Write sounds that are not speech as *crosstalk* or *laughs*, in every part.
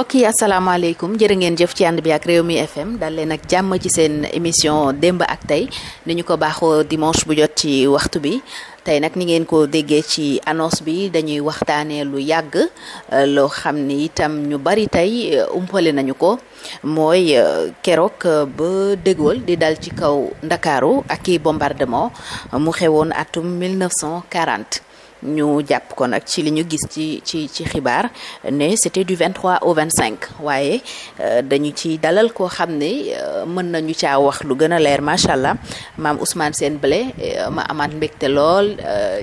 mbokk yi asalaamaaleykum jërë ngeen jëf ci ànd bi ak réew mi FM dal leen ak jàmm ci seen émission démb ak tey ni ñu ko baaxoo dimanche bu jot ci waxtu bi tey nag ni ngeen ko déggee ci annonce bi dañuy waxtaanee lu yàgg euh, loo xam ni itam ñu bari tey euh, umpale nañu ko mooy euh, keroog ba dégwal di dal ci kaw ndakaaru ak i bombardement mu xewoon atum 1940 ñu jàpp ko nag ci li ñu gis ci ci ci xibaar ne c'était du 23 au vingt cinq waaye euh, dañu ci dalal koo xam ne euh, mën nañu caa wax lu gën a leer macha allah maam Ousmane Sène Blay euh, ma amaat mbégte lool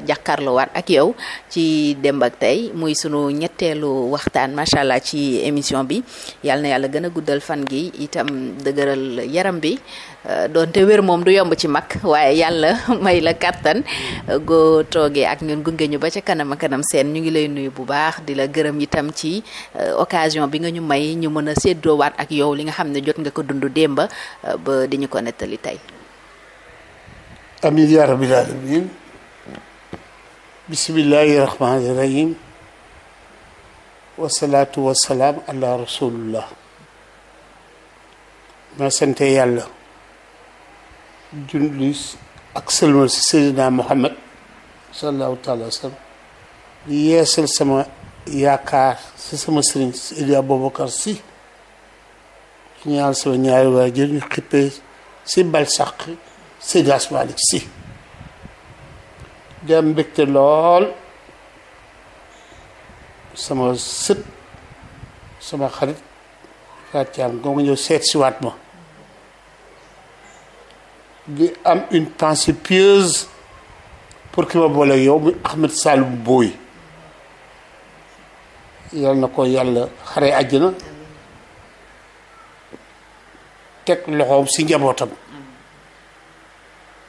jàkkaarloowaat ak yow ci démb ak tey muy sunu ñetteelu waxtaan macha allah ci émission bi yàlla na yàlla gën a guddal fan gi itam dëgëral yaram bi. Euh, doonte wér moom du yomb ci mag waaye yàlla *laughs* may la kàttan goo toogee ak ñun gunge ñu ba ca kanam kanam seen ñu ngi lay nuyu bu baax di la gërëm itam ci euh, occasion bi nga ñu may ñu mën a séddoowaat ak yow li nga xam ne jot nga ko dund démba euh, ba di ñu ko nettali tey amin yaa rabbil alamin bismillahi rahmaani rahim wasalaatu wasalaam ala rasulillah ma sante yàlla julli ak sëlmal si Seydina Muhammad sallallahu taala wa sallam di yeesal sama yaakaar si sama sëriñ Seydi Aboubacar si su ñaan sama ñaari waajur ñu xippee si bal Seydi Asmalik si di am lool sama sët sama xarit Fatia Ngom nga ñëw seet si waat ma di am une pensée pour ki ma booleeg yow muy Ahmed Saloum Boye yal na ko yàlla xare àjjana teg loxoom si njabootam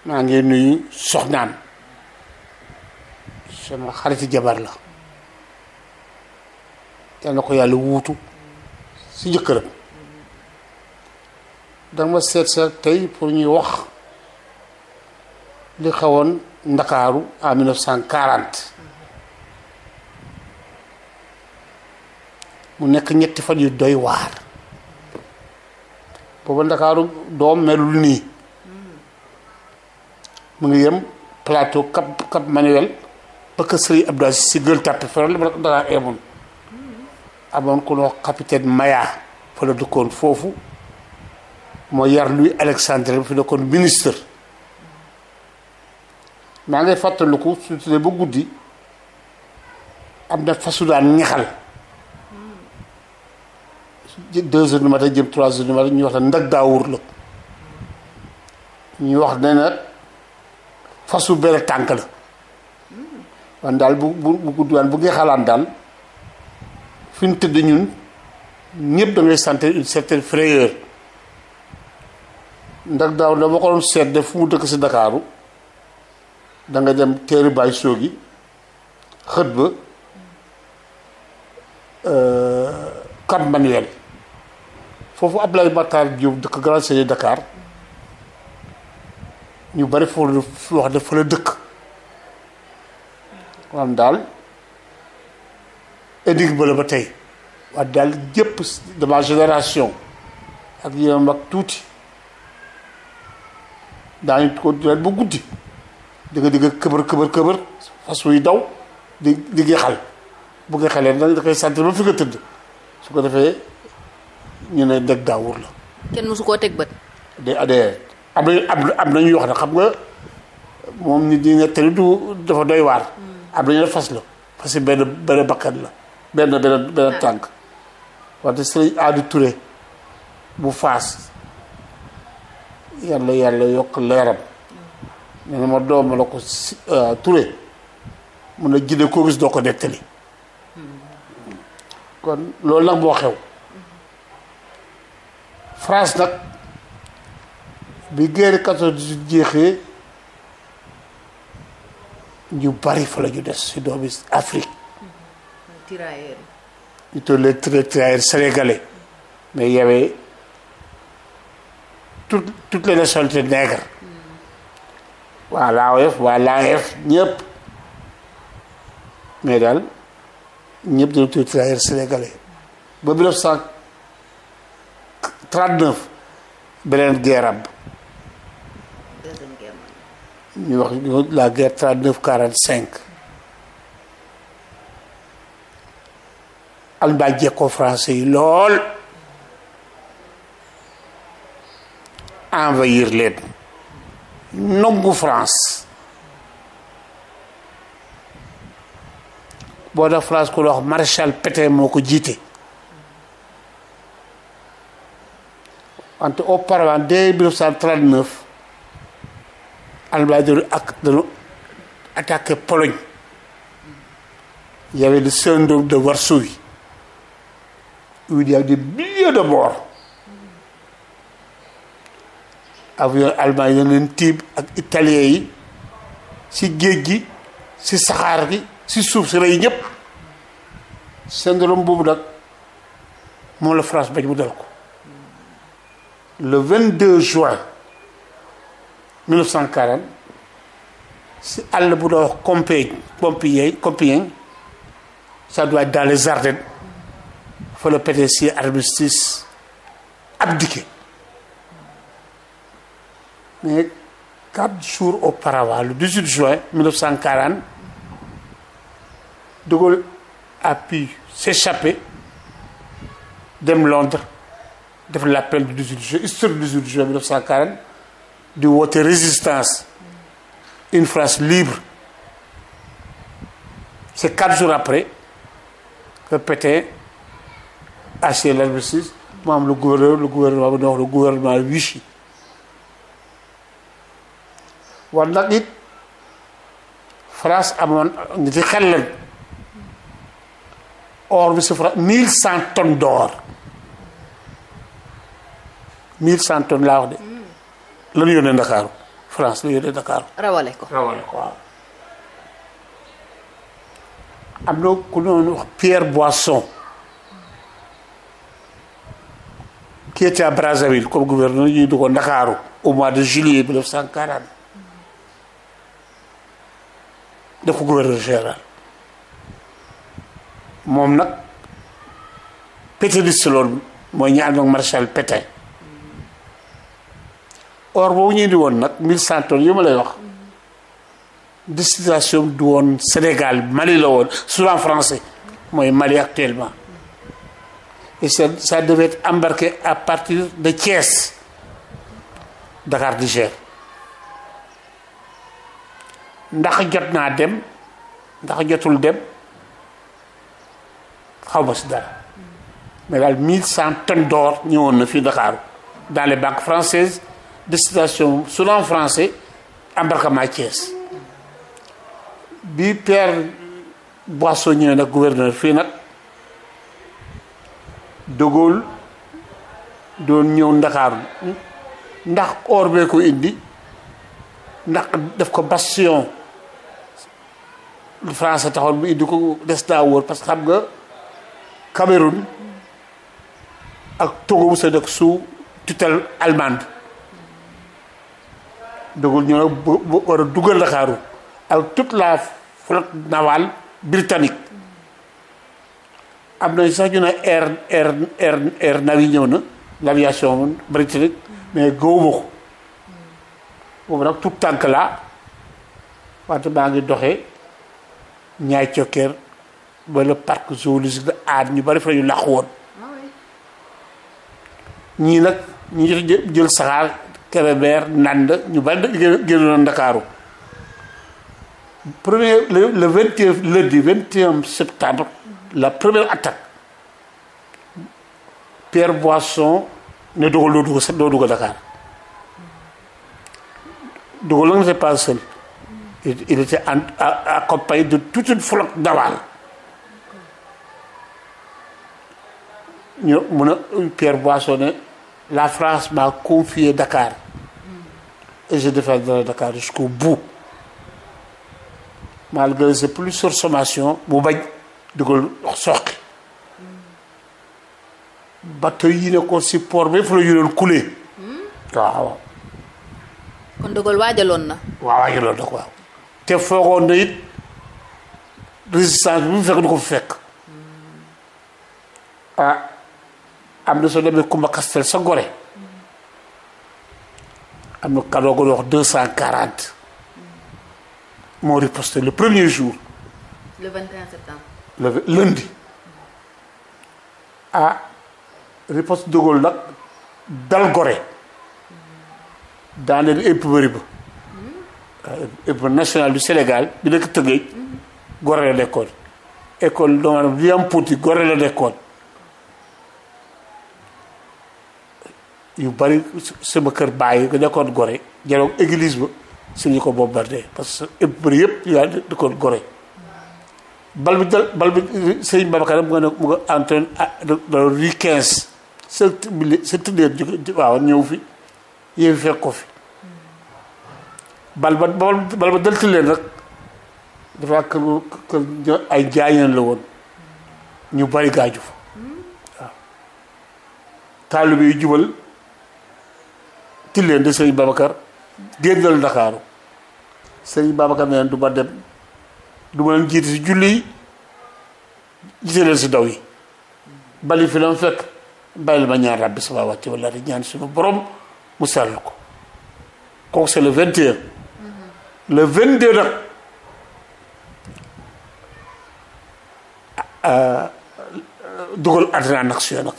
maa ngi nuyu soxnaan sama xariti jabar la yal na ko yàlla wuutu si jëkkëram danga ma seet seet tey pour ñuy wax li xewoon Ndakaaru en 1940 mu nekk ñetti fan yu doy waar booba Ndakaaru doom melul nii mu ngi yëm plateau Cap Cap Manuel ba kër Serigne Abdou Aziz si Gueule Tapée fële la Ndakaar yemoon amoon ku noo capitaine Maya fa la dëkkoon foofu moo yar Louis Alexandre bu fi nekkoon ministre. maa ngay fàttaliku su tuddee ba guddi am na fasu daan ñaxal deux heures du matin jëm trois heures du matin ñu wax ne ndag daawur la ñu wax ne fas wu bere tànk la wan daal bu bu bu guddi waan bu ñaxalaan daal fi ñu tëdd ñun ñëpp da ngay sentir une certaine frayeur ndag daawur la ma ko doon seet fu mu dëkk si Ndakaaru da nga dem téeri baay soogi xët ba euh, Cap Manuel foofu Ablaye Matar Diop dëkk Grand Seigneur Dakar ñu bari foofu wax ne la dëkk maanaam daal énigme la ba tey waaye daal jëpp de génération ak yeneen mag tuuti daañu ko daan ba guddi di nga digg këbër këbër këbër fas wuy daw di di geexal bu geexalee nag da koy sentir ba fi nga tëdd su ko defee ñu ne deg daawur la. kenn su koo teg bët. day adhéré am nañu ne xam nga moom nit ñi nettali du dafa doy waar. Hmm. fas la fas yi benn benn bakkan la benn benn benn tànk wante sëriñ Aadu Ture bu faas yàlla yàlla yokk leeram. ne ma doom la ko euh, Touré mun a jide koo gis doo ko nettali kon loolu nag moo xew France nag bi guerre quatorze jeexee ñu bari fa la ñu des si doomi Afrique tirailleurs ñu mais y avait toutes toutes les nationalités waa laawof waa laaxeef ñëpp mais daal ñëpp dañu tudd travailleur sénégalais ba 1939 beneen guerre am ñu wax la guerre 39 45 Allemagne jekkoo français yi lool envahir leen nongu France boo tax France ku la wax Marshal moo ko jiite wante auparavant dès 1939 Allemagne dañu ak dañu attaqué Pologne il y avait le syndrome de Varsovie où il y a des milliers de morts avion allemand yi leen tiib ak italien yi ci géej gi si saxaar gi ci suuf si rey ñëpp syndrome boobu nag moom la France bañ mu dal ko le 22 juin 1940 si àll bu doon wax Compiègne Compiègne Compiègne ça doit être dans les Ardennes fa la pété si armistice abdiqué mais quatre jours auparavant le 18 juin 1940 de Gaulle a pu s'échapper dem Londres def l'appel du 18 juin histoire du 18 juin di woote résistance une France libre c'est quatre jours après que Pétain a signé l'armistice mu am le gouverneur le gouvernement bu ñuy wax le gouvernement Vichy wala nag it France amoon nit yi xel lañ or bi si France mille cent tonnes d'or mille cent tonnes laa wax de. Hmm. la ñu yónnee Ndakaaru France la yónnee Ndakaaru. ko rawale am na ku noonu Pierre Boisson qui était comme gouverneur ñuy dugg Ndakaaru au mois de juillet 1940. def ko gouverneur général moom nag pétainiste loolu mooy ñi àndoon maréchal Pétain or boobu ñu indi woon nag mille cent tonnes yu ma lay wax destination du woon Sénégal Mali la woon Soudan français mooy Mali actuellement et ça ça devait être à partir de Thiès Dakar Niger. ndax jot naa dem ndax jotul dem xaw ma si dara mais daal mille cent tonnes d'or ñëwoon na fii Dakar dans les banques françaises destination Soudan français embarquement Thiès bi Pierre Boisseau ñëwee nag gouverneur fii nag de doon ñëw Ndakaaru ndax or bee ko indi ndax def ko bastion lu français taxoon mu indi ko des naa wóor parce que xam nga Cameroun ak Togo sa nekk sous tutelle allemande dugul ñu nag bu war a dugal Ndakaaru ak toute la flotte navale britannique am nañ sax ñu ne air air air air nawi ñëw na l' britannique mais gëwuma ko boobu nag tout tànk la maa ngi doxee ñaay cokkeer wala parc zoologique la aar ñu bari fa ñu làqu woon ah ñii nag ñu jot jël saxaar Kébémer Ndande ñu bari génnoon Ndakaaru premier le le vingt et septembre la première attaque Pierre Boisson ne dogal doo dugg doo dugg Dakar dogal la nga c'est pas il était accompagné de toute une flotte navale ñu mun a Pierre Boissonnet la France m'a confié Dakar et je défendrai Dakar jusqu'au bout malgré ses plusieurs sommations mu bañ di ko soqi bateau yi ne ko si port bi yëpp la ñu doon couler hmm? waaw. kon De waajaloon na. waaw waajaloon na waaw. te foogoon na it résistance bi mu fekk du ko fekk ah am na soo demee Kumba Kastel sa Gorée am na kadoo go wax deux cent quarante moo riposté le premier jour le 21 septembre le lundi ah riposte de Gaulle nag dal Gorée daaneel imprimerie ba Euh, école nationale du Sénégal bi nekk Tëngéej Gorée la nekkoon école doomu aadama bi am la nekkoon yu bari sama kër bàyyi nga nekkoon Gorée jaroog église ba suñu ko bombardé parce que épreuve yëpp yu daal di bal bi dal bal bi sëñ Babacar mu nga ne mu nga entraîne dans le rue 15 sa sa tëddee waaw ñëw fi yéen fekk ko fi. bal ba bal ba dëltal leen nag dafa kër kër ay jaañeen la woon ñu bari gaaju fa waaw taalibe jubal tilleen di sëriñ Babacar génnal Ndakaaru sëriñ Babacar ne leen du ma dem du ma leen jiite si julli yi jiite leen si daw yi bali fi la mu fekk bàyyi la ma ñaan ràbbi sama wàcc walla di ñaan suñu borom mu sell ko kooku c'est le 21 le 22 nag euh, dugal entré en action nag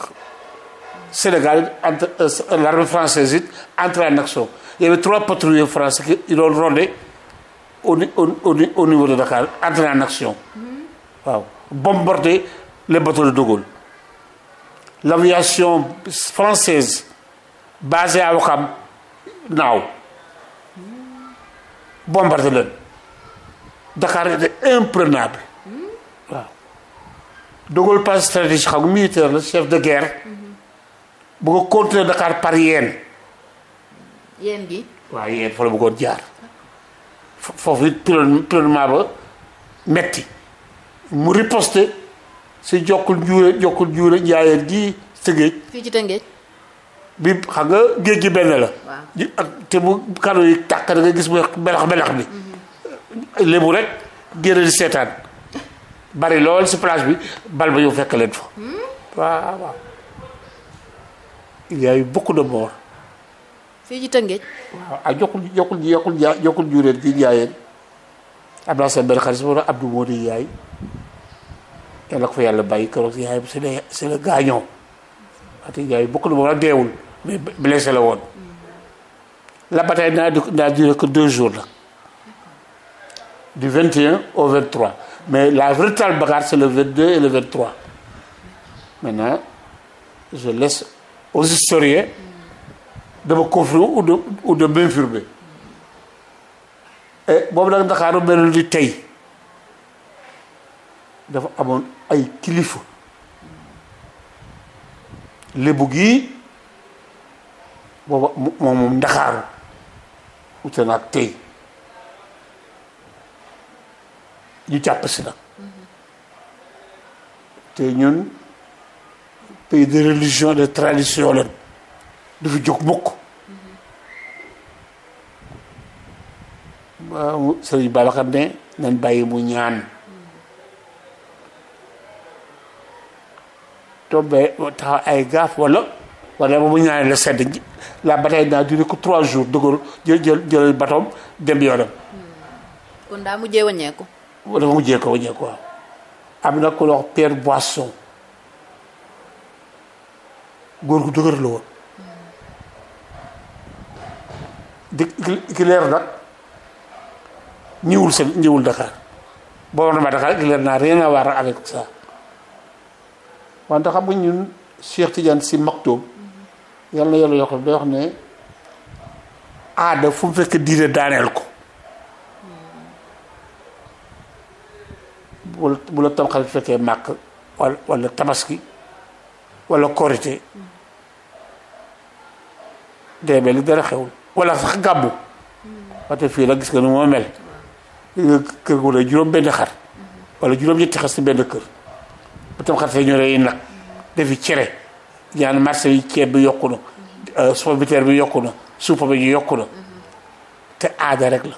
Sénégal entre euh, l'armée française it entré en avait trois patrouilles français qui doon rôder au niveau de Dakar entré en action mm-hmm. waaw bombarder les bateaux de De l'aviation française basée à Ouakam naaw. bombardé leen Dakar était imprenable waaw De Gaulle passe stratégie xam militaire la chef de guerre mhm. bëgg a contrôler Dakar par yeen yeen gi waaw yeen fa la foofu it prennement metti mu riposte si jokkul juure jokkul juure njaayeen gi tëngéej bi xam nga géej gi benn la. ak te bu kano yi tàkk da nga gis melax melax bi. Mhm. lébu rek génn di seetaan bari lool si place bi bal ba yow fekk leen fa. Hmm? waaw waaw. il fii ci Tëngéej. waaw ah jokkul jokkul jokkul ja jokkul njuréen moo di yaay yàlla ko fa yàlla bàyyi keroog yaayam si la si la gaañoo. ati yaay bokk na moom la deewul. blessé la woon la bataille n'a n'a duré que deux jours la du 21 au 23 mais la véritable bagarre c'est le 22 et le 23 maintenant je laisse aux historiens de me confirmer ou de ou de m'infirmer boobu nag Ndakaaru melul ni tey dafa amoon ay kilifa lébu gi booba moom moom ndaxaaru wute naag tey ñu jàpp si nag te ñun pays de religion de tradition du fi jóg mukk waaw sëriñ Babacar ne nañ bàyyi mu ñaan tombe taxaw ay gaaf wala wala bu ñaanee la sedd la bataille naa duré ko trois jours dëggal jël jël jël batoom dem yoonam. kon daa mujjee wàññeeku. dafa mujjee ko wàññeeku waaw. am na ku la wax Pierre Boisson góor gu dëgër la woon. di ki leer nag ñëwul seen ñëwul Dakar boo ma Dakar ki leer naa rien à voir avec ça wante xam nga ñun Cheikh Tidiane si Maktoum. yàlla na yàlla yokk day wax ne aada fu mu fekk diine daaneel ko bu bu la tamxarit fekkee màkk wala tabaski walla korité day mel ni dara xewul wala sax gàbbu wate fii la gis nga ni moo mel kër gu la juróom benn xar wala juróom ñetti xar si benn kër bu tamxarit fee ñu rey nag dafi cere ñaan marché yi ceeb bi yokku na euh, sobiteer bi yokku na suupa bi ji yokku na te aada rek la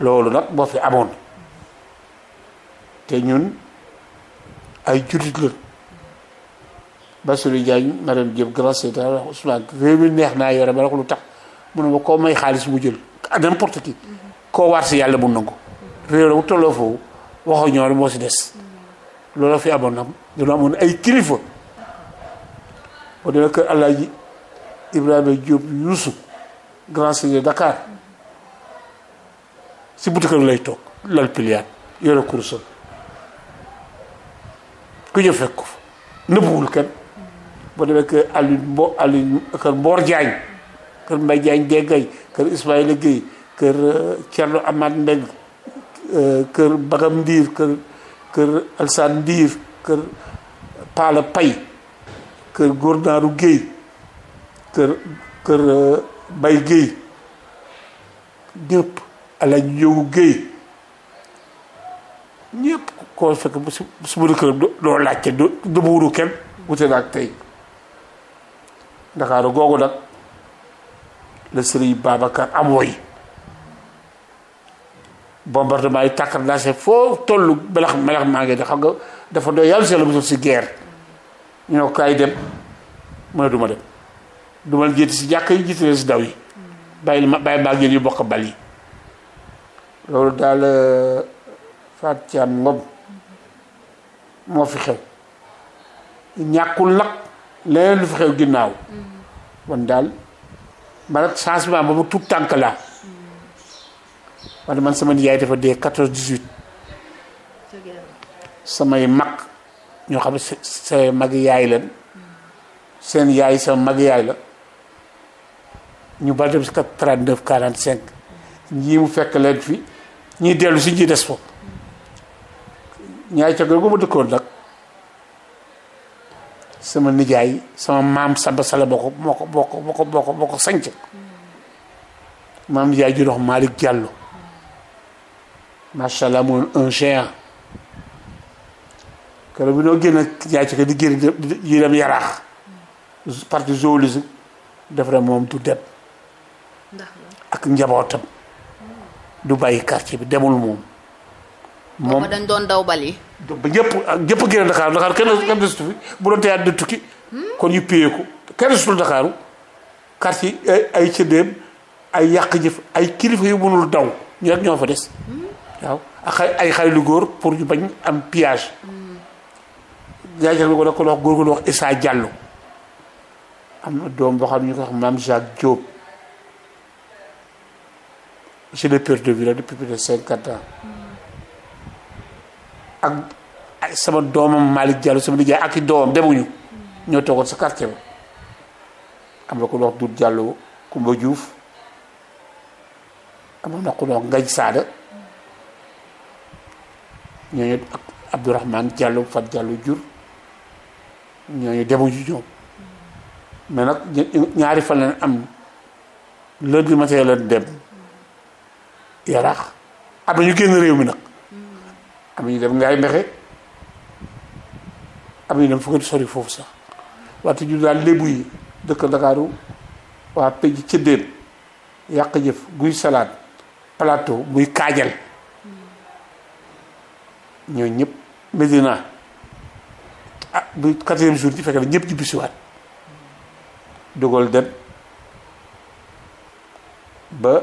loolu nag boo fi amoon te ñun ay jullit la Bassirou Diagne madame neex naa yore ba lu tax ma koo may xaalis mu jël n'importe qui koo waar si yàlla mu nangu réew la mu tolloo moo si des loolu fi amoon nag dina amoon ay kilifa boo demee kër Alaaji Ibrahima Diop Youssou Grand Serigne Dakar si butu kër lay toog lal piliaan yore kurusam ku ñëw fekk ko fa nëbbuwul kenn boo demee kër Aliou Mbo kër Mboor Diagne kër Mbaye Diagne Dégay kër Ismaïla Guèye kër euh, Thierno Amath Mbeng euh, kër Bagam Ndiir kër kër Alsane Ndiir kër Paala Pay kër Gourdaaru Guèye kër kër euh, Baye Guèye ñëpp Alaaji Njóogu Guèye ñëpp koo fekk su ma këram doo laajte doo dëbbuwulu kenn wute naa tey Ndakaaru googu nag la sëriñ Babacar am woy bombardement yi tàkkat naa se foo tollu melax melax maa ngi dafa doy yàlla si la mosul si guerre ñu ne ko dem mu ne du dem du ma si jàkk yi jiite si daw yi bàyyi ma bàyyi maa yu bokk bal yi loolu daal euh, Fatou Thiam Ngom moo fi xew ñàkkul nag leneen lu fi xew ginnaaw kon daal man ak changement ba mu tuub tànk laa wante man sama nijaay dafa dee quatorze dix-huit samay mag ñoo xam ne sa mag yaay leen seen yaay sa mag yaay la ñu ba dem si kat 39 45 ñii mu fekk leen fi ñii dellu si ñii des foofu ñaay cog gu ma dëkkoon nag sama nijaay sama maam Samba Sala boo ko moo ko boo ko boo ko boo ko boo ko sanc maam nijaay ju dox Malick Diallo allah moom un géant keroog bi noo génn jaay ci di génn di dem yaraax parti zoolise def na moom du dem ak njabootam du bàyyi quartier bi demul moom moom dañ doon daw bali ba ñëpp ñëpp génn Dakar Dakar kenn ah kenn desutu bu doon teyaat de tukki hmm? kon ñu piyee ko kenn desutul Dakaru quartier ay cëddeem ay yàq jëf ay kilifa yu mënul daw ñoo fa des hmm? waaw ay xale lu pour ñu bañ am pillage hmm. jaajëfal ko nag ku wax góor gu am na doom boo xam ne ñu ko wax maam Jacques Diop je l'ai perdu de vue depuis plus cinquante ans ak sama doomam Malick Diallo sama nijaay ak i doomam demuñu ñoo toogoon sa quartier ba am na ku wax Doudou Diallo Coumba Diouf amoon na ku wax Ngaj Saada ñooñu ak Abdourahmane Diallo Fat Diallo jur ñooñu debu ju ñoom mais nag ñaari fan leen am lundi matin leen dem yaraax am na ñu génn réew mi nag am ñu dem ngaay mbexe am ñu dem fu ko sori foofu sax waxte ju daal lébu yi dëkk Ndakaaru waa pëj cëddeen yàq jëf guy salaat plateau muy kaajal ñoo ñëpp Medina ah bu quatrième jour ci fekk na ñëpp ñibbi siwaat dugal dem ba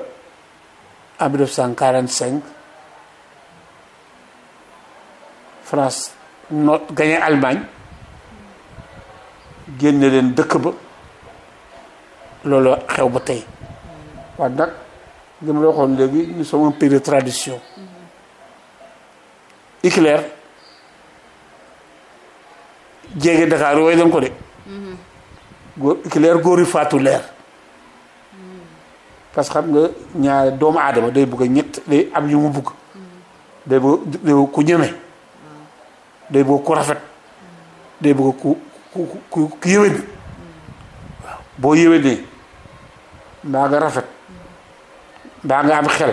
en 1945 France no gagné Allemagne génne leen dëkk ba loolu xew ba tey waaye nag li ma la waxoon léegi nous sommes un tradition éclair mm-hmm. jéege Dakar wooyu leen ko de góor ki leer góor yu faatu leer parce que xam nga ñaar doomu aadama day bëgg ñett day am yu mu bëgg day bëgg ku ñeme day bëgg ku rafet day bëgg ku ku ku ku yëwén waaw boo yëwénee mbaa nga rafet mbaa nga am xel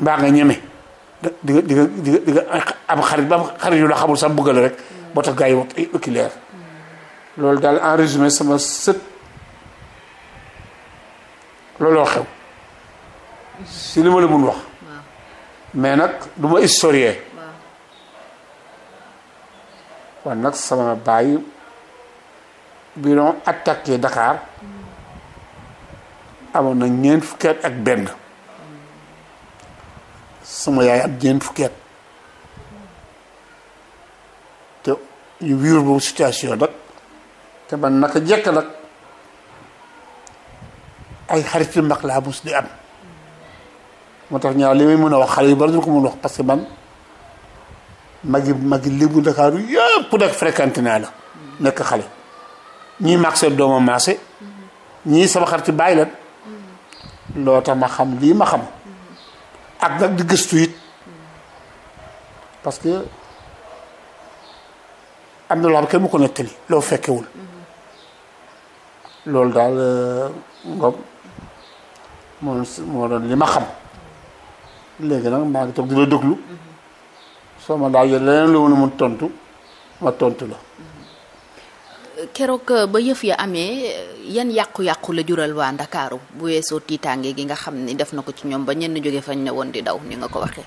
mbaa nga ñeme di nga di nga di nga am xarit ba am xarit yu la xamul sax bëgg la rek ba tax yi wax ay oculaire loolu daal en résumé sama sët looloo xew si li ma wax mais nag du ma historien kon nag sama baay bi doon attaqué Dakar mm. amoon na ñeent fukki ak benn sama yaay am ñeent fukki yu wiir boobu situation nag te man naka jekk nag ay xarit yu mag laa mus di am moo tax ñaaw li may mën a wax xale yu bari du ko mën a wax parce que man maggi magi lébu ndakaaru yëpp nag fréquenté naa la nekk xale ñii mag seen dooma maase ñii sama xarit bàyyi lan loo tax ma xam lii ma xam ak nag di gëstu it parce am na loo xam kenn mu ko nettali loo fekkewul loolu daal euh, ngoom moo moo doon li ma xam léegi nag maa ngi toog di la déglu soo ma laajee leneen lu mun tontu ma tontu la. keroog euh, ba yëf ya amee yan yàqu-yàqu la jural waa ndakaaru bu weesoo tiitaange gi nga xam ni def na ko ci ñoom ba ñenn jóge fañ ne woon di daw ni nga ko waxee.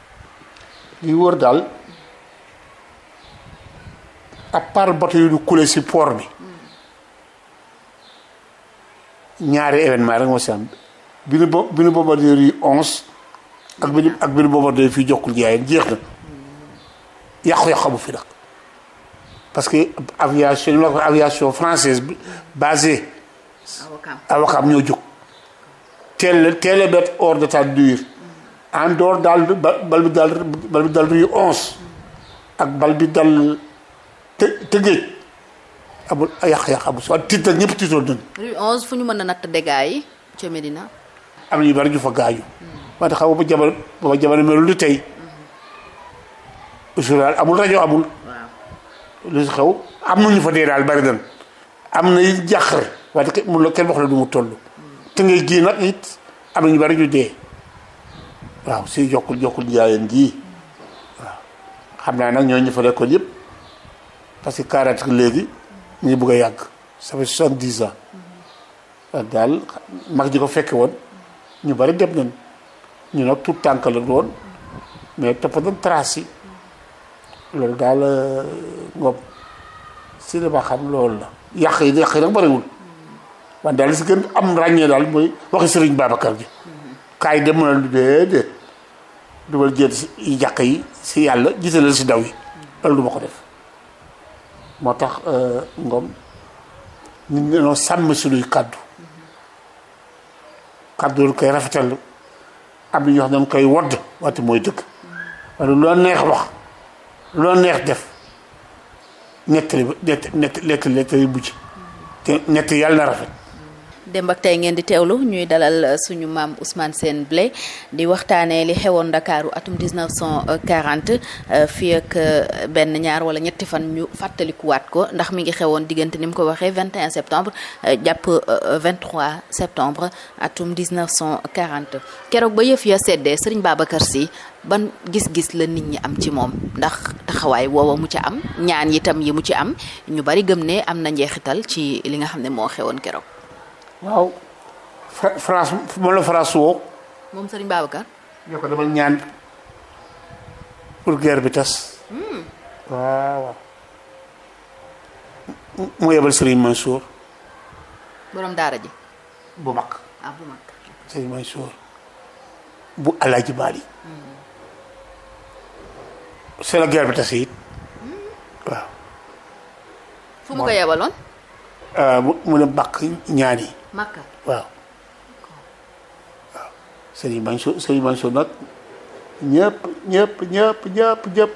li wër daal. ak part bato yu ñu coulé si port bi ñaari événement rek moo am bi nu bo bi nu bombardeer ak bi nu ak bi nu bombardeer fii jokkul jeex na yàqu-yàqu amu fi nag parce que aviation ñu française bi basée à Ouakam ñoo jóg teel teel a bett hors d'état en dehors daal bal bi daal bal bi daal rue onze ak bal bi dal te te géej amul yàq-yàq amul si waaye tiit nag ñëpp tiitoon fu ñu mën a natt dégâts yi ca am na ñu bari ñu fa gaañu. wante xam nga bu jamono booba jamono melul amul rajo amul. lu si am ñu fa dee daal bari nañ. am na yi jàqare waaye te mun la kenn wax la du mu toll. gii nag it am na ñu bari ñu dee. waaw si jokkul jokkul njaayeen gii waaw xam naa nag ñoo ñu fa nekkoon yëpp. parce que quarante léegi ñu bëgg a yàgg ça fait soixante dix ans euh, daal mag ji ko fekke woon ñu bari dem nañ ñu nag tout tànk la woon mais toppa doon trace yi loolu daal ngoom euh, si li ma xam loolu la yàq yi yàq yi nag bariwul wan daal li si gën am ràññee daal mooy waxi Sëriñ Babacar bi kaay dem mën a lu déedéet dumal jël si jàq yi si yàlla gisee si daw yi loolu du ko def moo tax euh, Ngom ñun dañoo sàmm suñuy kàddu kàddu lu koy rafetal am na ñoo xam koy wodd wante mooy dëgg wala loo neex wax loo neex def nettali nettali nettali bu ci te nett yàlla na rafet démb ak tey ngeen di teewlu ñuy dalal suñu maam Ousmane Sène Blay di waxtaanee li xewoon Ndakaaru atum 1940 euh, fii ak euh, benn ñaar wala ñetti fan ñu fàttalikuwaat ko ndax mi ngi xewoon diggante ni mu ko waxee 21 septembre euh, jàpp 23 septembre atum 1940 keroog ba yëf ya seddee Serigne Babacar si ban gis-gis la nit ñi am ci moom ndax taxawaay woowa mu ci am ñaan yitam yi mu ci am ñu bari gëm ne am na njeexital ci li nga xam ne moo xewoon keroog. waaw. France moom la France woo. moom Serigne Babacar. ñoo ñaan pour guerre bi tas. Hmm. waaw. mu yebal Serigne Mansour. borom daara ji. bu mag. ah bu mag. Serigne Mansour bu Alaaji Maali. c'est hmm. la guerre bi tas it hmm. waaw. fu mu ko yebaloon. Euh, mu ne bàq ñaan yi. makka waaw. waaw Serigne Mansour Serigne Mansour nag ñëpp ñëpp ñëpp ñëpp ñëpp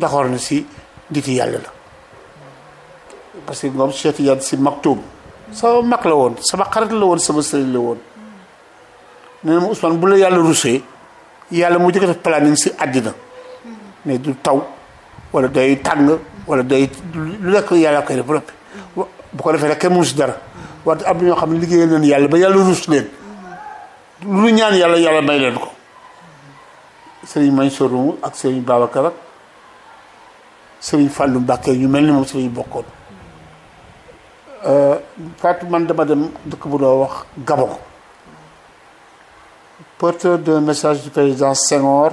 na si niti yàlla la parce que moom Cheikh Tidiane si Maktoum sama mag la woon sama xarit la woon sama sëriñ la woon nee na ma Ousmane bu la yàlla rusee yàlla mu jëkk def planning si àddina hmm. ne du taw wala day tàng wala day lu nekk yàlla koy développé bu ko defee rek kenn mënu si dara wante am na ñoo xam ne liggéeyal nañu yàlla ba yàlla ruus leen lu ñaan yàlla yàlla may leen ko sëriñ Mansour moomu ak sëriñ Babacar ak sëriñ Fallou Mbacke ñu mel ni moom sëriñ bokkoon euh, Fatou man dama dem dëkk bu doo wax Gabon porteur de message du président Senghor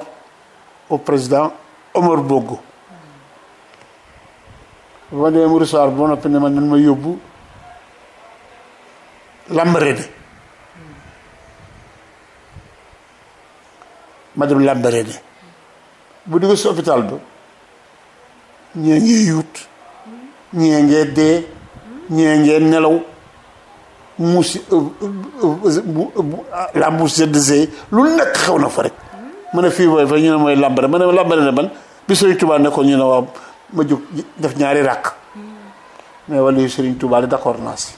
au président omeur Bongo bu ma demee Mouroussoir ba noppi ne ma nan ma yóbbu Lambaréné ma dem Lambaréné bu dugg si hôpital ba ñee ngee yuut ñee ngee dee ñee ngee nelaw muusi la lu nekk xew na fa rek ma ne fii booy fa ñu ne mooy Lambaréné ma ne Lambaréné ban bi Sëriñ Tuubaa nekkoon ñu ne waaw ma jóg def ñaari ràkk mais wala yu Serigne Touba d' accord naa si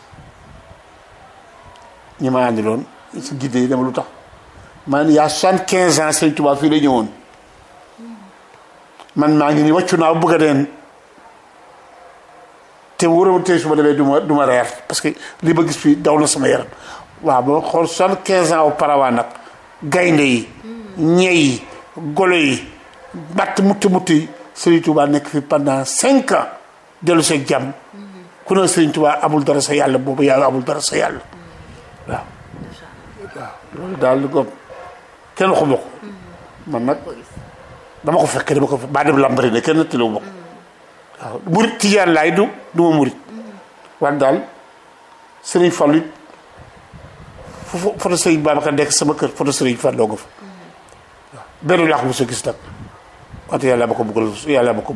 ñi ma àndiloon si gidde yi dama lu tax man yaa soixante quinze ans Serigne Touba fii la ñëwoon man maa ngi ni wàccu naa bëgg a te wóoram tey su ma demee du ma du reer parce que lii ba gis fii daw na sama yaram waaw ba xool soixante quinze ans auparavant nag gaynde yi ñey yi golo yi matt mutt mutt yi Serigne Touba nekk fi pendant cinq ans dellu sa jàmm ku ne Serigne Touba amul dara sa yàlla boobu yàlla amul dara sa yàlla waaw. daal lu ko kenn ko man nag dama ko fekkee dama ko fekk baa dem lambari ne kenn nettaliwuma ko waaw murit tijaan laay du du ma murit waaye daal Serigne Fallou fo fo foto Serigne Babacar nekk sama kër foto Serigne Fallou nga fa benn laa ko mos gis nag. wante yàlla ma ko bëggal yàlla ma ko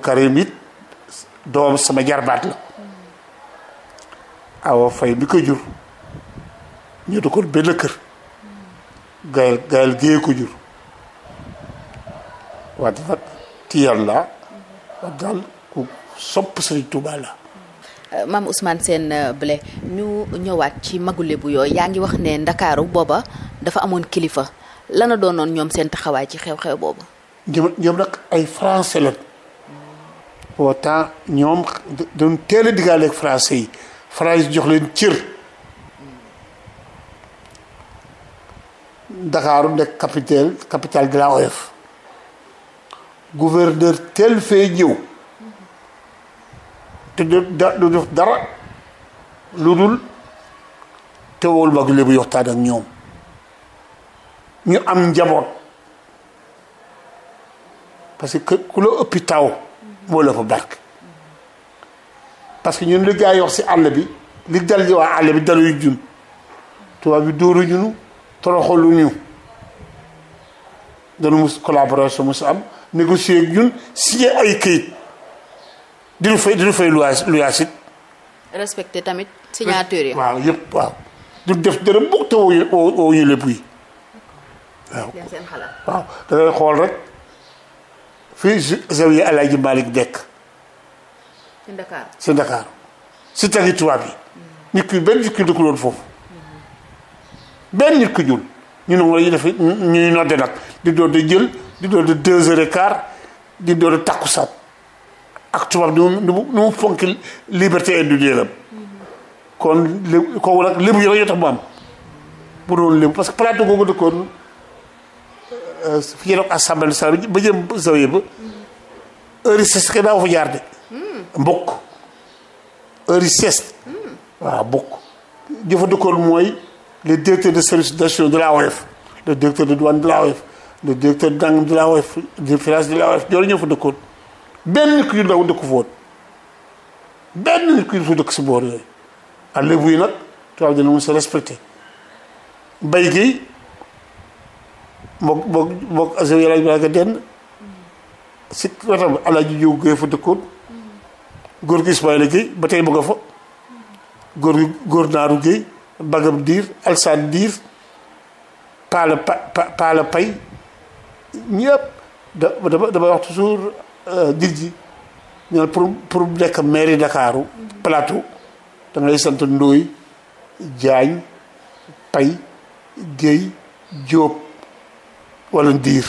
Karim it doom sama jarbaat la awa fay bi ko jur ñu du benn kër gayal gayal ko jur wante nag tiyal la wante daal ku sopp Sëriñ Tuubaa la euh, maam Ousmane seen euh, Blay ñu ñëwaat ci magu bu yooyu yaa ngi wax ne Ndakaaru booba dafa amoon kilifa lana doonoon ñoom seen taxawaay ci xew-xew boobu. ñoom ñoom nag ay français la temps ñoom doon teel a diggaaleeg français yi français jox leen cër. Dakar nekk capitale capitale de la OF gouverneur teel fee ñëw te du jox dara lu dul teewul mag li bu waxtaan ak ñoom. ñu am njaboot parce que ku la ëpp taw moo la fa barke parce que ñun li gaa yi wax si àll bi li dal waa àll bi daluy jun tubaab bi dóoruñu ñu toroxaluñu dañu mus collaboration mus am négocier ak ñun signé ay këyit di lu fay di lu fay luyaas tamit signature yi waaw yëpp waaw du def dara mukk te woo ñu lépp waaw waaw da ngay xool rek fii zawiya Alaaji Malick dekk si Dakar si Dakar si territoire bi. Mm-hmm. nit ki benn nit ki dëkkul woon foofu. Mm-hmm. benn nit ki ñuul ñu ne mooy ñu def ñuy nodde nag di doon di jël di doon di deux quart di doon di takkusaan ak tubaab nu mu nu nu mu fonk liberté individuelle mm-hmm. kon lépp kooku nag lépp yooyu yoo tax mu bu doon lépp parce que plateau googu dëkkoon. fi ngeen assemblée nationale ba jëm ba heure yi sieste daaw fa jaar de. Hmm. mbokk heure yi sieste. Hmm. waaw mbokk jëfandikoon mooy le directeur de service national de la AOF le directeur de douane de la AOF le directeur dang de la AOF de finance de la AOF ñoo ñëw fa dëkkoon benn nit ku ñu ndaw dëkku fa benn nit ku ñu fa dëkk si yooyu. à nag tubaab dina mun sa respecté mbay gi. moog moog moog asew yàlla bi nga denn si wetam alaaji Jóob Géey fa dëkkoon góor gi Ismaïla Géey ba tey mu fa góor góor naaru Géey bagam diir alsaan diir paala pa paala pay ñëpp da dama damay wax toujours dir euh, ji pour pour nekk mairie Ndakaaru plateau da sant Ndooy Jaañ Pay Géey Jóob wala ndiir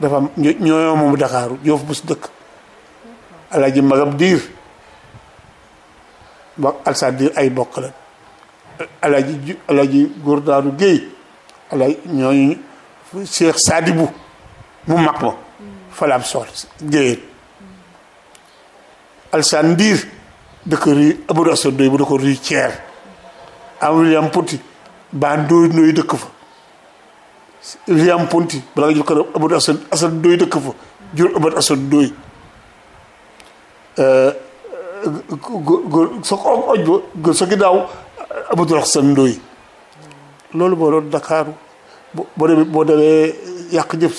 dafa am ñooyoo moomu Dakaaru Joof bu su dëkk Alaaji Magam diir ba alsaan diir ay bokk la Alaaji ju góor daanu Géey Alaaji ñooñu Cheikh Sadibou mu mag ma falaam soxla géyeen alsaan diir dëkk rii Amadou Assane Ndoye bu da ko rii am William Poti baa ndooy nooy dëkk fa William Ponty balaa nga jël kanam Amadou Assane Assane Ndoye dëkk fa jur Amadou Assane Ndoye góor soo ko om oj soo ginnaaw Amadou Assane Ndoye loolu boo doon Ndakaaru boo demee boo demee yàq ñëpp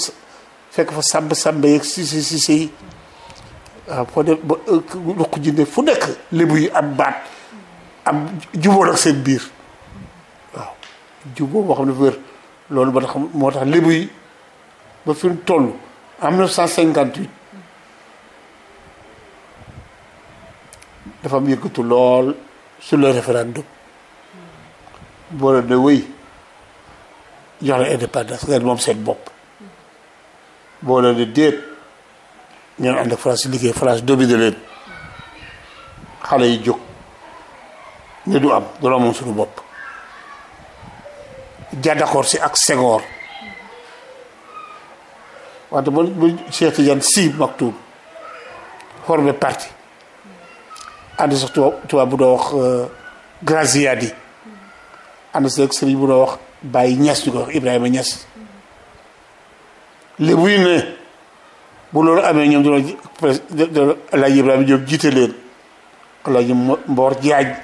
fekk fa sàmb sàmb yeeg si si si waaw foo dem ba euh, ndox jinne fu nekk lébu yi am baat am juboo nag seen biir waaw juboo boo xam ne wér loolu ba tax moo tax lébu yi ba fi mu toll en 1958 dafa am yëkkatu lool sur le référendum boole ne wéy jox la indépendance ngeen moom seet bopp boole ne déet ñeen ànd ak France liggéey France dominé leen xale yi jóg ne du am dana moom suñu bopp Jadaxoor si ak Senghor wante ba ba Cheikh Tidiane Sy ànd sax tubaab tubaab bu doo wax euh, Graziadi ànd sax sëriñ bu doo wax Baye Niass ñu ko wax Ibrahima Niass li muy ne bu loolu amee ñoom dina dina Alaaji Ibrahima Diop jiite leen Alaaji Mboor Diagne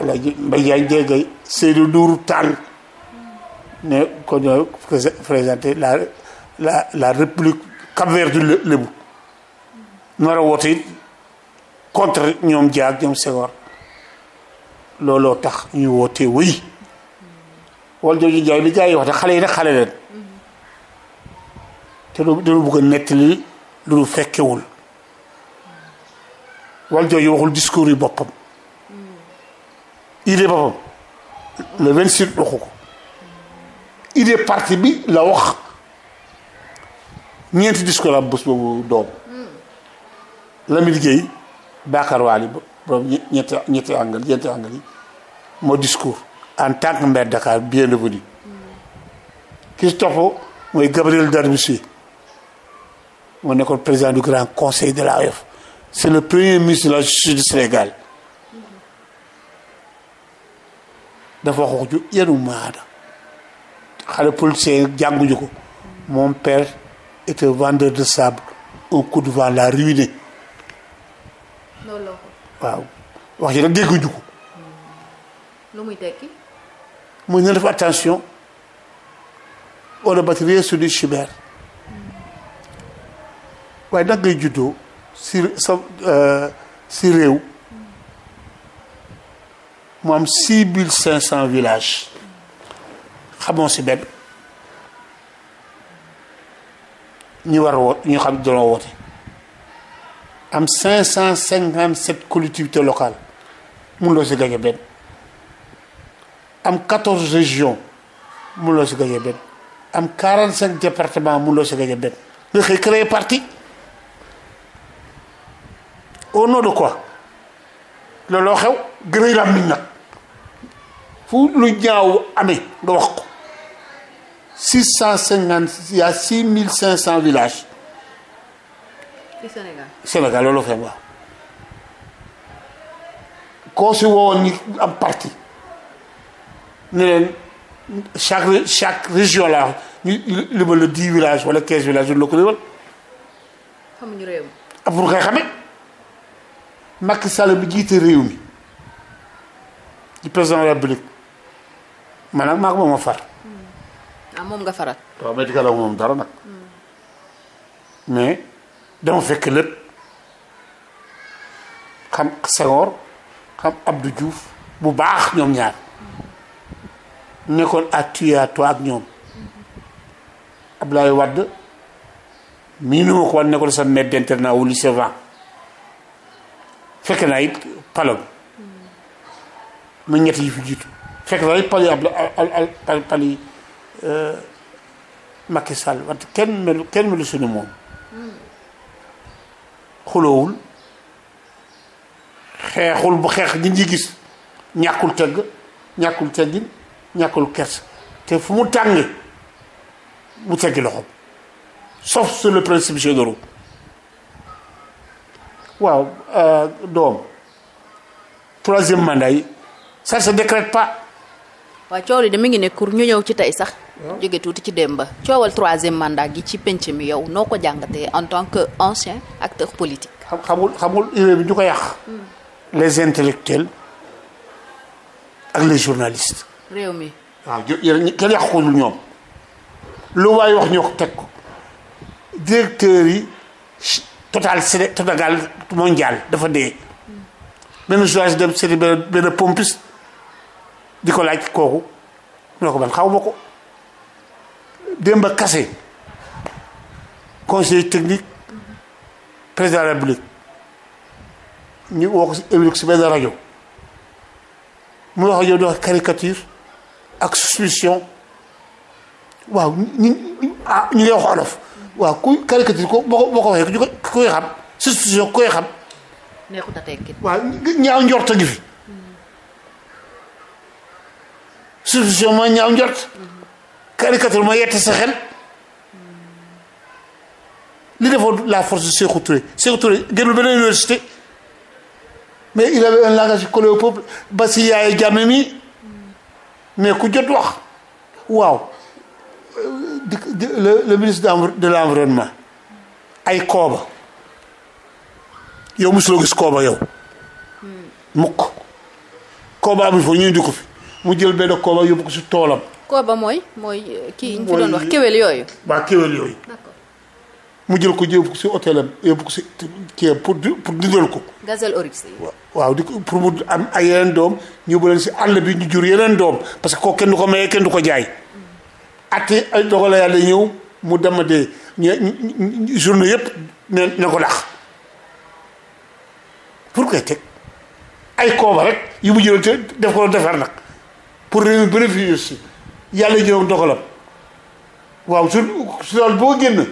Alaaji Mbaye Diagne Dégay Seydou Nourou Tall ne ko ñooy présenté la la la république Cap-Vert du Lébou nar a woote contre ñoom Dia ak ñoom Senghor looloo tax ñuy wootee wëy wala jooju jaay li jaay yi wax te xale yi nag xale leen te du dañu bëgg a nettali lu ñu fekkewul wal jooju waxul discours yi boppam idée boppam le 28 waxu ko idée parti bi la wax ñeenti discours am bés boobu doom Lamine Gueye Bakar Wali borom ñetti ñetti angal ñetti angal yi moo discours en tant que maire Dakar bienvenu ki si topp mooy Gabriel Darboussi moo nekkoon président du grand conseil de l'AOF e c'est le premier ministre de la justice Sénégal dafa wax ju yenu maada xale policier jànguñu ko mon père était vendeur de sable un coup de vent l'a ruiné waaw wax ji nag dégguñu ko. lu muy tekki. attention on ne bâtit rien sur le chimère waaye nag ngay juddoo si sa euh, si réew mu am six mille cinq cent villages. xamoo si benn ñu war wo ñu xam doon woote am 557 collectivités locales mënuloo si gagné benn am 14 régions mënuloo si gagné benn am 45 départements mënuloo si gagné benn nga xëy créer parti au nom de quoi looloo xew gërëy làmmiñ nag fu lu ñaaw amee nga wax ko 650 cent cinquante a 6500 villages. mille cinq cent loolu fay wax koo si woowoon ñi parti ne chaque chaque région la ñu li ma la 10 villages wala 15 villages du la ko limal. xamuñu réew mi. ab pour kay bi jiite réew mi di président la République maanaam maa ko moom ah moom nga faral. waaw médical ak moom dara nag. mais dama fekk lépp xam Senghor xam Abdou Diouf bu baax ñoom ñaar nekkoon à tuer ak ñoom Abdoulaye Wade mii nu ma ko wan nekkoon sa maître d'internat wu lycée Van fekk naa it palom ma ñett yi fi jiitu fekk naa it pali ab pali Macky Sall wante kenn melu kenn melu suñu moom xuloowul xeexul bu xeex gi ñi gis ñàkkul tëgg ñàkkul teggin ñàkkul kers te fu mu tànge mu teggi loxo sauf sur le principe généraux waaw euh, doom troisième mandat yi ça se décrète pas waaw coow li de mi ngi ne kur ñu ñëw ci tey sax. jóge tuuti ci démb ba coowal troisième mandat gi ci penc mi yow noo ko jàngatee en tant que ancien acteur politique. xamul xamul urée bi ñu ko yàq. Hmm. les intellectuels ak les journalistes. réew mi waaw yéen kenn yàq ko dul ñoom. lu waay wax ñoo ko teg ko. directeurs yi total Sénégal mondial dafa dee. Hmm. benn journaliste dem seeti benn benn di ko laaj kooku mu ne ko man xaw ma ko Demba Kassé conseiller technique président de la République ñu woo ko si émission si benn rajo mu wax yow di wax caricature ak suspicion waaw ñu ah, ñu ngi wax olof waaw ku caricature ko boo ko boo ko waxee ku koy xam suspicion koy xam. a tekki waaw ñaaw njort a ngi solution mooy ñaaw njort caricature mooy yett sa xel li defoon la force de Sékou Touré Sékou Touré génnul beneen université mais il avait un langage collé au peuple ba si yaay jàmme mi mais ku jot wax waaw le le ministre de l'environnement ay kooba yow mosuloo gis kooba yow hmm. mukk kooba amul foofu ñuy di ko fi mu jël benn kooba yóbbu ko si toolam. kooba mooy mooy euh, kii ñu fi doon wax kéwél yooyu. mu jël ko yóbbu ko si hôtelam yóbbu ko si kii pour pour dundal ko. gazelle oryx waaw di ko pour mu am ay yeneen doom ñu ba si àll bi ñu jur yeneen doom parce que kooku kenn ko maye kenn du ko jaay. Mm. ati ay dogale yàlla ñëw mu dem de ñu journée yëpp ne na ko dax pour koy teg ay kooba rek yu mu jël te def ko defar nag. pour réew bi réfugié si yàlla ñëw dogalam waaw su su daal boo génn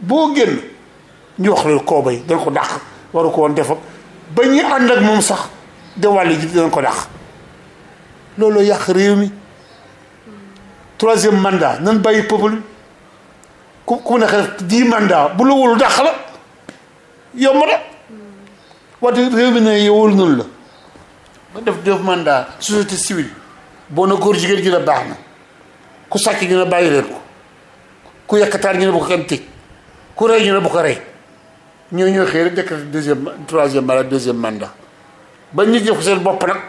boo génn ñu wax la koo bay dañ ko dàq waru ko woon ba ñu ànd moom sax de wàll ji dinañ ko dàq looloo yàq réew mi troisième mandat nan bàyyi peuple ku ku nekk def dix mandat bu la wóolu dàq la yomb na wante réew mi ne yow wóolu nañ la ba def deux mandats société civile boo na góor jigéen ñu ne baax na ku sàcc ñu ne bàyyi leen ko ku yàqataar ñu ne bu ko kenn tëj ku rey ñu ne bu ko rey ñoo ñoo xëy rek décrété deuxième troisième deuxième mandat ba ñu jëf ko seen bopp nag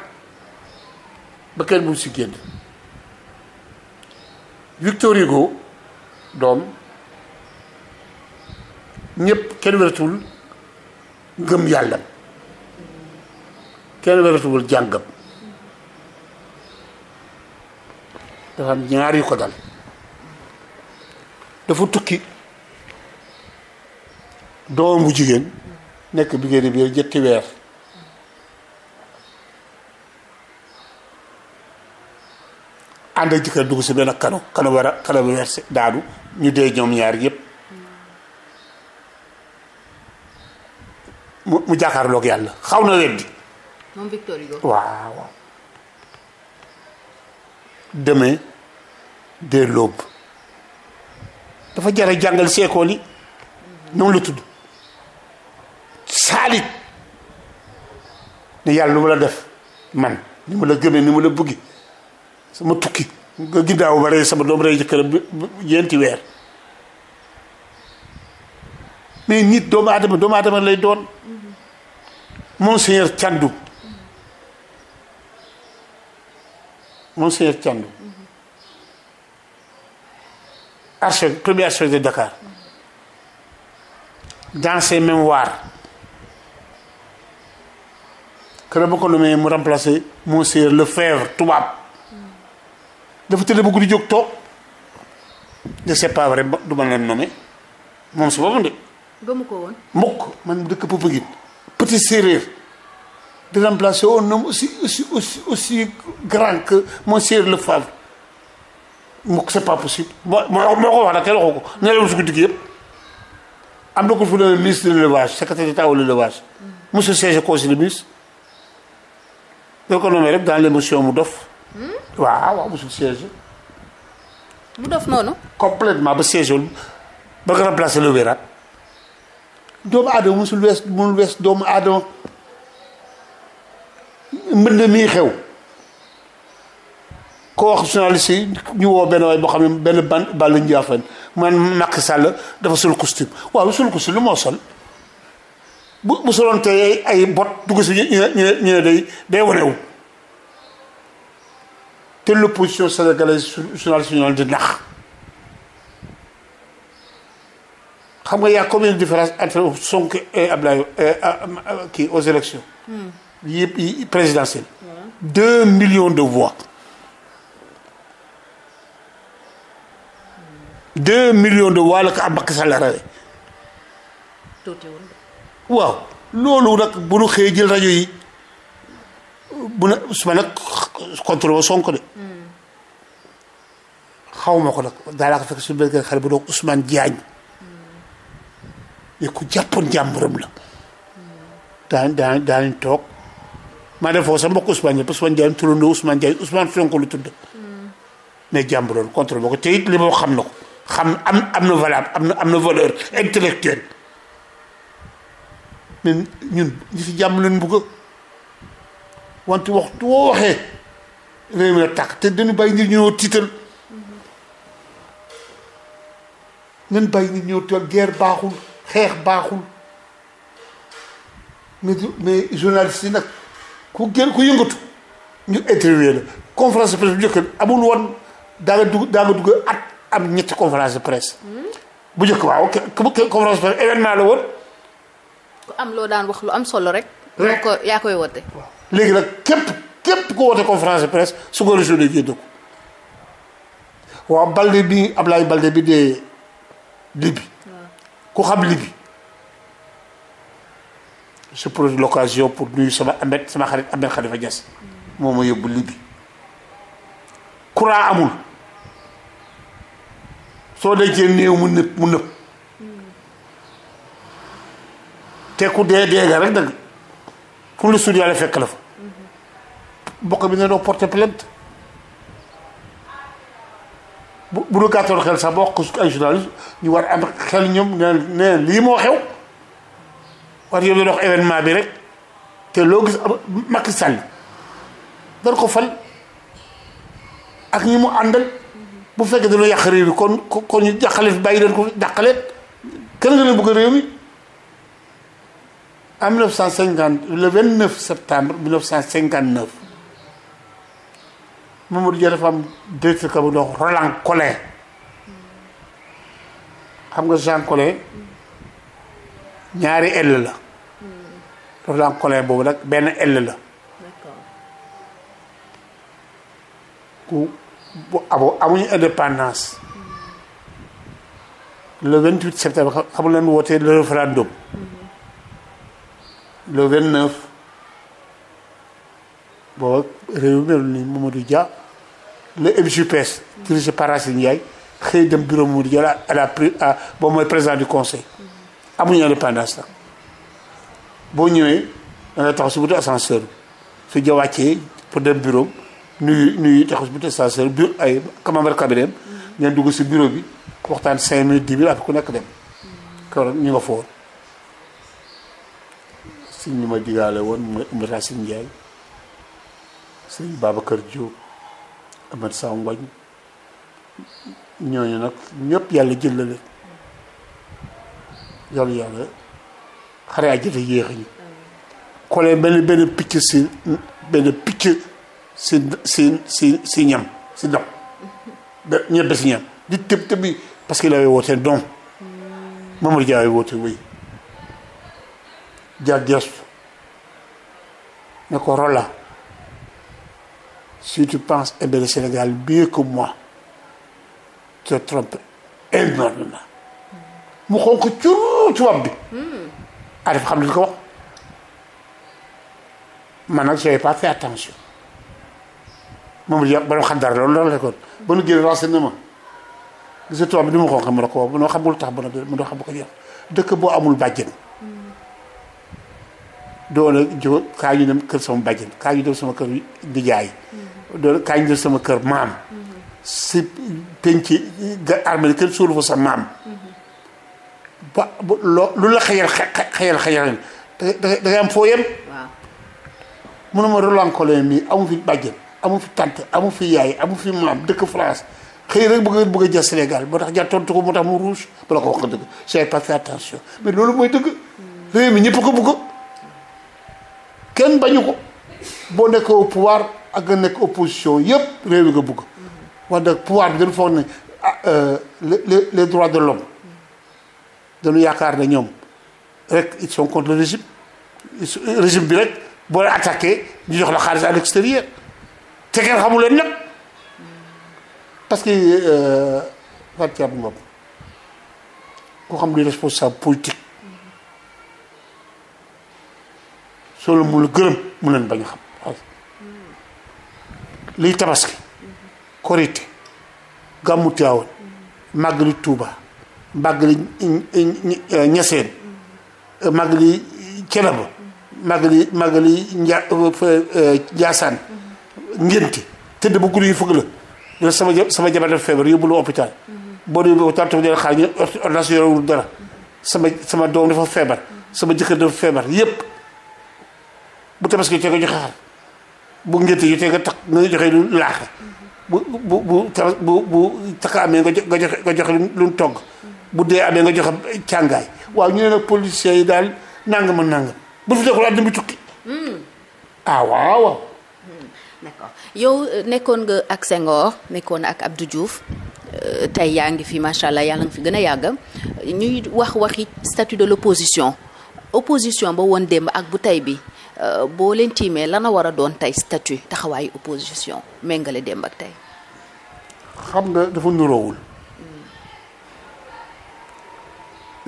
ba kenn bu si génn Victor Hugo doom ñëpp kenn wératul ngëm yàlla kenn wératuwul jàngam dafa am ñaar yu ko dal dafa tukki doom jigéen nekk biggéeni biir jëtti weer ànd ak jëkkër dugg si benn kano kano kano bi weer si daanu ñu dee ñoom ñaar yépp mu mu jàkkaarloog yàlla xaw na weddi moom Victor Hugo waaw Demain dès l'aube dafa jar jàngal si école yi noonu la tudd saalit ne yàlla lu ma la def man ni ma la gëmee ni ma la bëggi sama tukki nga ginnaaw ba rey sama doom rey jëkkëram ñeenti weer mais nit doomu aadama doomu aadama lay doon monseigneur Thiandoum Monseigneur Thiandou archevêque premier archevêque de Dakar dans ses mémoires que ko nommé mu remplacer Monseigneur Lefebvre tubaab dafa tëdd ba guddi jóg toog de c'est pas vrai du ma leen nommé moom su boppam de. gëmu ko woon mukk man dëkk petit séeréer. de remplacer un homme aussi aussi aussi grand que monsieur Le Favre mu c'est pas moo moo ko wax nag kenn waxu ko nelawul si guddi gi yëpp am na ko fu ne ministre de l'élevage secrétaire d'État au l'élevage monsieur siège conseil des ministres doo ko rek dans l'émotion mu dof hmm? waaw waaw monsieur siège mu dof noonu complètement ba siège ba nga remplacer le wéraat doomu aadama musul wees munul wees doomu aadama mbënd mii xew ko wax journaliste ñu woo benn waay boo xam ne benn ban bàllu njaafan man Macky Sall dafa sol costume waaw sol costume lu moo sol bu bu soloon te ay bot dugg si ñu ne ñu ne day day wanewu te l'opposition sénégalaise journaliste ñu di nax xam nga y a combien de différence entre Sonko et Ablaye euh, euh, euh, kii aux élections hmm. yi présidentielle. deux millions de voix. deux millions de voix la ko am Macky Sall rawee. tuutiwul. waaw loolu nag bu nu xëyee jël rajo yi bu ne su ma nag contrôlé de. xaw ma ko nag fekk suñu benn xale bu doon Ousmane Diagne. ne ku jàppoon jàmburam la. daan daan toog. maanaam foofu sax mbokk Ousmane Ndiaye parce que Ousmane Ndiaye turandoo Ousmane Ndiaye Ousmane Sonko lu tudd hmm. mais jàmbuloon contrôle ba ko te it li moo xam na ko xam am am na valable am na am na valeur intellectuelle mais ñun ñi fi jàmm leen bugg wante waxtu woo waxee réew mi na tàkk te dañu bàyyi nit ñoo tiital hmm. nan bàyyi nit ñoo tiital guerre baaxul xeex baaxul mais mais journaliste yi nag ku gën ku yëngatu ñu interviewé la conférence de presse bu njëkk bi amul woon daa nga dugg daa nga dugg at am ñetti conférence de presse. bu njëkk waaw conférence de presse événement la woon. ku am loo daan wax lu am solo rek. rek ko yaa koy woote. léegi nag képp képp koo woote conférence de presse su ko réseau de génn ko waaw Balde bi Ablaye Balde bi dee Libi. ku xam Libi. je profite l'occasion pour nuyu sama Ahmed sama xarit Ahmed Khalifa Niass moo ma yóbbu Libye courant amul soo dencee néew mu nëb mu nëb te ku dee dee nga rek nag fu mu la suul yàlla fekk la fa mbokk bi ne doo porter plainte bu bu nu gàttoon xel sax boo ko ay journaliste ñu war am xel ñoom ne ne lii moo xew. war yóbbu dox événement bi rek te loo gis Macky Sall dana ko fal ak ñi mu àndal bu fekkee dañoo yàq réew mi kon kon ñu jàqale fi bàyyi leen ko jàqale kenn nga leen bëgg réew mi en 1950 le 29 septembre 1959 Mamadou Dia dafa am directeur ka bu dox Roland Collin xam nga Jean Collin ñaari ell la référent hmm. colère boobu nag benn ell la ku bu abo amuñu indépendance hmm. le 28 septembre xamul leen woote le référendum hmm. le 29 booba réew mi ni Mamadou Dia le MJPS dirigé par Racine Ndiaye xëy dem bureau Mamadou Dia la à la pri ah boobu mooy président du conseil amuñu indépendance la boo ñëwee da ngay taxaw si butu ascenseur su ja wàccee pour dem bureau nuyu nuyu taxaw si butu ascenseur bu ay camembert cabinet ngeen dugg si bureau bi waxtaan cinq di dix minutes après ku nekk dem kawar ñu nga foor si ñu ma digaale woon mooy Oumar Racine Ndiaye sëñ Babacar Diop Amath Sangoñ ñooñu nag ñëpp yàlla jël la leen yàlla yàlla xare ak jëfe yéex ñu kolee benn benn picc si benn picc si si si si si dom ñebe si ñam di tëb tëb bi parce que il avait woote don Mamadou Dia avait woote wéy jaar ne ko Rolla si tu penses aimer le Sénégal mieux que moi tu te trompes énormément mu xonq cur ci bopp bi. Hmm. Arif xam li ko wax man nag j'avais pas fait attention moom it yàpp ba xandar loolu loolu la kon ba ma gis nga tubaab bi ni mu xonq ma la ko wax munoo xamul tax ba na munoo xam bu ko jeex dëkk boo amul bàjjen. Hmm. doona jóg kaa ñu dem kër sama bàjjen kaa ñu dem sama kër nijaay hmm. doona kaa ñu dem sama kër maam si penc ga armée kenn suulu fa sa maam fa loo lu la xëyal xëyal xëyal da am foo yem. waaw mënuma rolankolee mii amu fi amu fi tante amu fi yaay amu fi maam dëkk France xëy rek bëgg bëgg a jël Sénégal moo tax tax mu rouge ba la ko wax dëgg j'ai pas fait mais loolu mooy dëgg réew mi ñëpp ko bëgg kenn bañu ko boo nekk au pouvoir ak nga nekk opposition yëpp réew mi nga bëgg wax dëgg pouvoir bi dañu foog ne ah, euh, les les droits de l'homme dañu yaakaar ne ñoom rek ils sont contre le régime bi rek boo la attaqué ñu jox la xaalis à l'extérieur te kenn xamu leen nag parce que euh, Fatou moom ku xam luy responsable politique soo la mu la gërëm mu leen bañ a xam waaw liy tabaski korite gàmmu Tiwaawan Tuuba màggali ñaseen màggali Cenaba màggali màggali nja Njaasaan ngénte tëdd bu guddi yi fëgg la dina sama sama jabar dafa feebar yóbbu la hôpital boo dee hôpital tamit dina xaar ñu dara sama sama doom dafa feebar sama jëkkër dafa feebar yépp bu tabaski te nga joxe xar bu ngénte yi te nga takk nga joxe lu laax bu bu bu bu bu takk amee nga joxe nga joxe lu togg bu dee amee nga joxe càngaay waaw ñu ne nag policiers yi daal nangam ak nangam bu fi deful àddina bi tukki. Hmm. ah hmm. yow euh, nekkoon nga ak Senghor nekkoon ak abdu Diouf euh, tey yaa ngi fi macha allah yàlla nga fi gën a yàgg ñuy wax waxi statut de l'opposition opposition ba woon démb ak bu tey bi euh, boo leen tiimee lana war a doon tey statut taxawaayu opposition méngale démb ak tey. xam nga dafa nuroowul.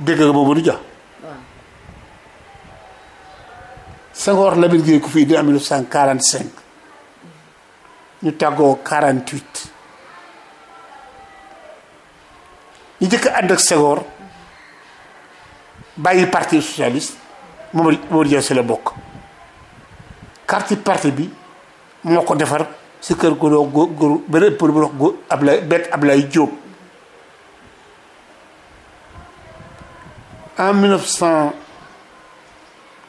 dégg nga du Dia. waaw. Senghor Lamine Gueye ku fii dina am 1945 ñu tàggoo 48 ñu jëkk a ànd ak Senghor bàyyi parti socialiste Mamadou Mamadou Dia si la bokk carte parti bi moo ko defar si kër gu doon góor góor benn pël bu doon góor Ablaye bett Ablaye Diop. en 1900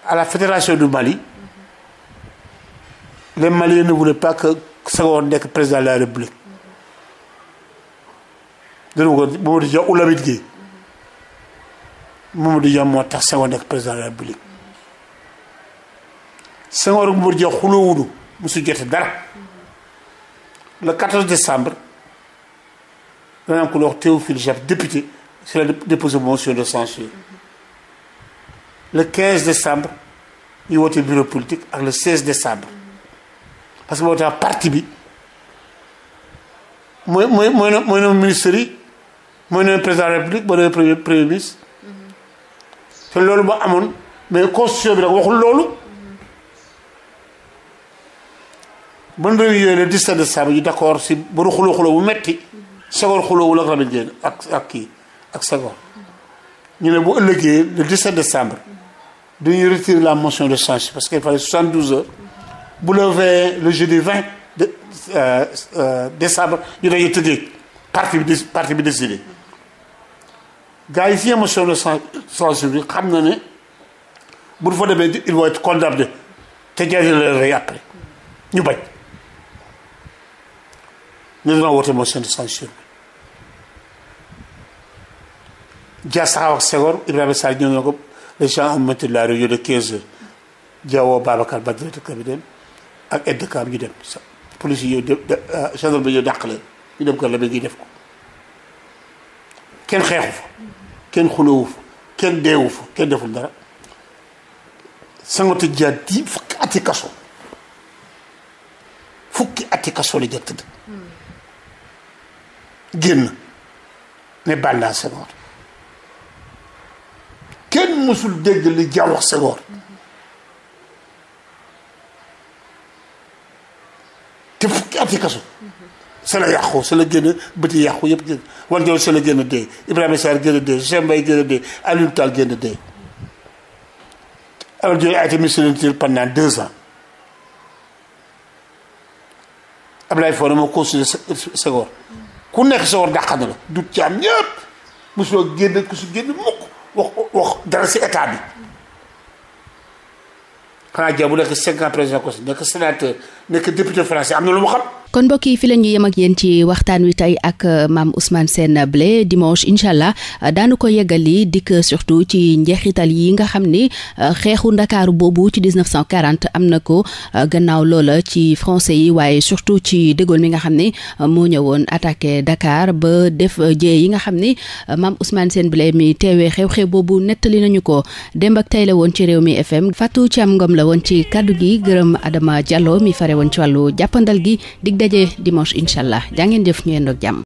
à la fédération du Mali les Maliens ne voulaient pas que Senghor nekk président de la République dina ko Mamadou Dia Oulamide Gueye Mamadou Dia moo tax Senghor nekk président de la République Senghor ak Mamadou Dia xuloowuñu musu jote dara le 14 décembre dana am ko Théophile Jacques député si la déposé motion de censure le 15 décembre ñu woote bureau politique ak le 16 décembre parce que boo tax parti bi mooy mooy mooy noom mooy noom ministre yi mooy noom président de république mooy noom premier premier ministre mm-hmm. te loolu ba amoon mais constitution bi nag waxul loolu ban réew yooyu le 17 décembre ñu d'accord si baru xuloo xuloo bu metti mm-hmm. Senghor xuloowul ak ak ak kii ak Senghor mm-hmm. ñu ne bu ëllëgee le 17 décembre dañuy retirer la motion de censure parce qu'il fallait 72 heures bu la veillé le jeudi 20 de euh, euh, décembre ñu dañuy tëddee parti bi parti bi décidé gars yi signé motion de censure bi xam na ne bu fa demee il va être condamné te jaajëf la rey après ñu bañ ñu doon woote motion de censure bi Dia Sakho ak Senghor Ibrahima Sarr ñëw na ko. les gens ont monté la réunion de 15 heures Diawo Babacar Ba directeur ak aide de camp dem sa police yi de euh, gendarme bi ñëw dàq leen ñu dem ko la ngi def ko kenn xeexu fa kenn xulóowu fa kenn deewu fa kenn deful dara sangatu jaan di fukki ati kaso fukki ati kaso la jot tëdd hmm. génn ne bàndaa Senghor kenn mësul dégg li jaawax Senghor te fukki ati kaso sa la yàqu sa la gën a bëti yàqu yëpp gën war jow sa la gën a dee Ibrahima Sarr gën a dee Cheikh Mbaye gën a dee Alioune Tall gën a dee alors Diop a été ministre de l'Intérieur pendant deux ans Abdoulaye Fauré moo consulé Senghor ku nekk Senghor dàq na la du caam ñëpp mosuloo génn ku su génn mukk wax wax dara si état bi xanaa jaa bu nekk cinq ans président conseil nekk nekk député français am na lu mu xam. kon mbokk yi fi la ñu yem ak yéen ci waxtaan wi tey ak euh, maam Ousmane Sène Blay dimanche incha allah euh, daanu ko yeggali dikk surtout ci njeexital yi nga xam ni euh, xeexu ndakaaru boobu ci 1940 am na ko gannaaw loola ci français yi waaye surtout ci De mi nga xam ni moo ñëwoon attaque Dakar ba def jee yi nga xam ni maam Ousmane seen Blay mi teewee xew-xew boobu nettali nañu ko démb ak tey la woon ci réew mi FM Fatou Thiam Ngom la woon ci kaddu gi gërëm Adama Diallo mi woon ci jàppandal gi dig daje dimanche incha allah jaa ngeen jëf jàmm